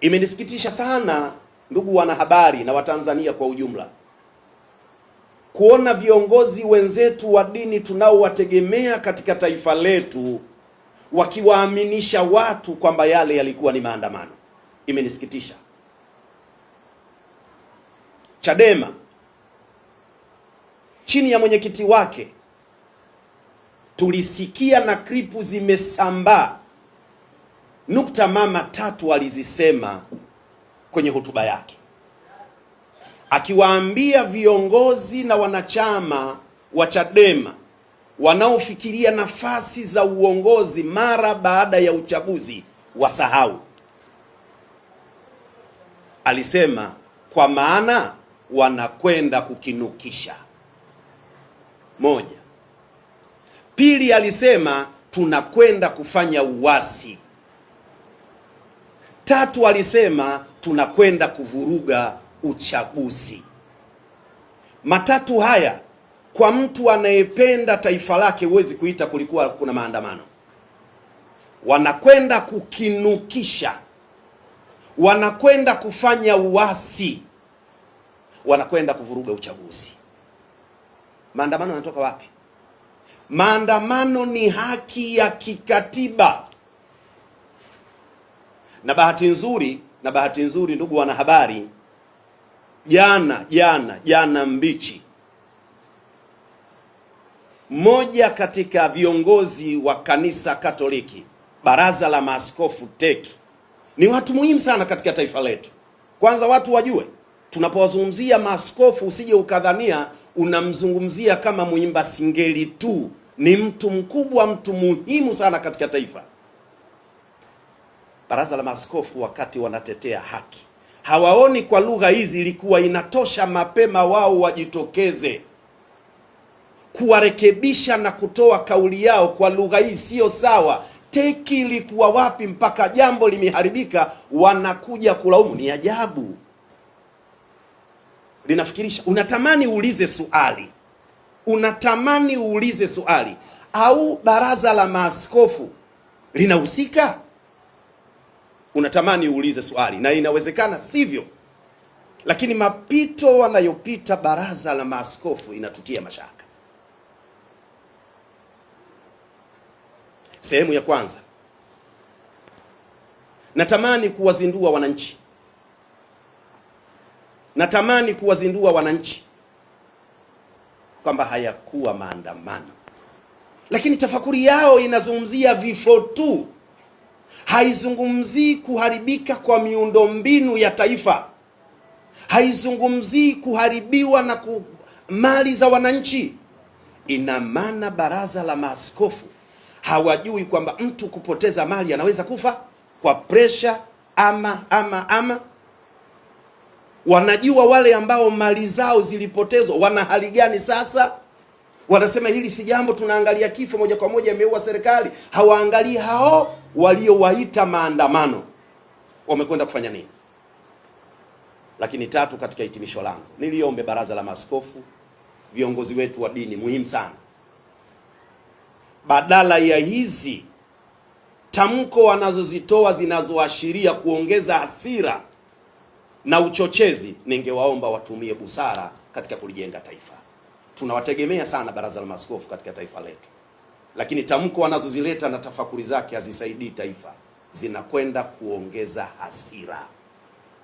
Imenisikitisha sana ndugu wanahabari na Watanzania kwa ujumla kuona viongozi wenzetu wa dini tunaowategemea katika taifa letu wakiwaaminisha watu kwamba yale yalikuwa ni maandamano. Imenisikitisha. Chadema chini ya mwenyekiti wake tulisikia na kripu zimesambaa nukta mama tatu alizisema kwenye hotuba yake, akiwaambia viongozi na wanachama wa Chadema wanaofikiria nafasi za uongozi mara baada ya uchaguzi wasahau. Alisema kwa maana wanakwenda kukinukisha. Moja. Pili, alisema tunakwenda kufanya uasi. Tatu alisema tunakwenda kuvuruga uchaguzi. Matatu haya kwa mtu anayependa taifa lake huwezi kuita kulikuwa kuna maandamano. Wanakwenda kukinukisha, wanakwenda kufanya uasi, wanakwenda kuvuruga uchaguzi. Maandamano yanatoka wapi? Maandamano ni haki ya kikatiba na bahati nzuri na bahati nzuri, ndugu wanahabari, jana jana jana mbichi, mmoja katika viongozi wa kanisa Katoliki, baraza la maaskofu TEC, ni watu muhimu sana katika taifa letu. Kwanza watu wajue, tunapowazungumzia maaskofu, usije ukadhania unamzungumzia kama mwimba singeli tu. Ni mtu mkubwa, mtu muhimu sana katika taifa baraza la maaskofu wakati wanatetea haki hawaoni kwa lugha hizi, ilikuwa inatosha mapema wao wajitokeze kuwarekebisha na kutoa kauli yao kwa lugha hii siyo sawa. Teki ilikuwa wapi mpaka jambo limeharibika, wanakuja kulaumu? Ni ajabu, linafikirisha. Unatamani uulize suali unatamani uulize suali au baraza la maaskofu linahusika? unatamani uulize swali, na inawezekana sivyo, lakini mapito wanayopita baraza la maaskofu inatutia mashaka. Sehemu ya kwanza, natamani kuwazindua wananchi, natamani kuwazindua wananchi kwamba hayakuwa maandamano, lakini tafakuri yao inazungumzia vifo tu haizungumzii kuharibika kwa miundombinu ya taifa, haizungumzii kuharibiwa na ku mali za wananchi. Ina maana baraza la maaskofu hawajui kwamba mtu kupoteza mali anaweza kufa kwa presha ama ama ama. Wanajua wale ambao mali zao zilipotezwa wana hali gani sasa. Wanasema hili si jambo, tunaangalia kifo moja kwa moja, imeua serikali. Hawaangalii hao waliowaita maandamano wamekwenda kufanya nini? Lakini tatu, katika hitimisho langu, niliombe baraza la maaskofu, viongozi wetu wa dini, muhimu sana, badala ya hizi tamko wanazozitoa zinazoashiria kuongeza hasira na uchochezi, ningewaomba watumie busara katika kulijenga taifa. Tunawategemea sana baraza la maaskofu katika taifa letu lakini tamko wanazozileta na tafakuri zake hazisaidii taifa, zinakwenda kuongeza hasira.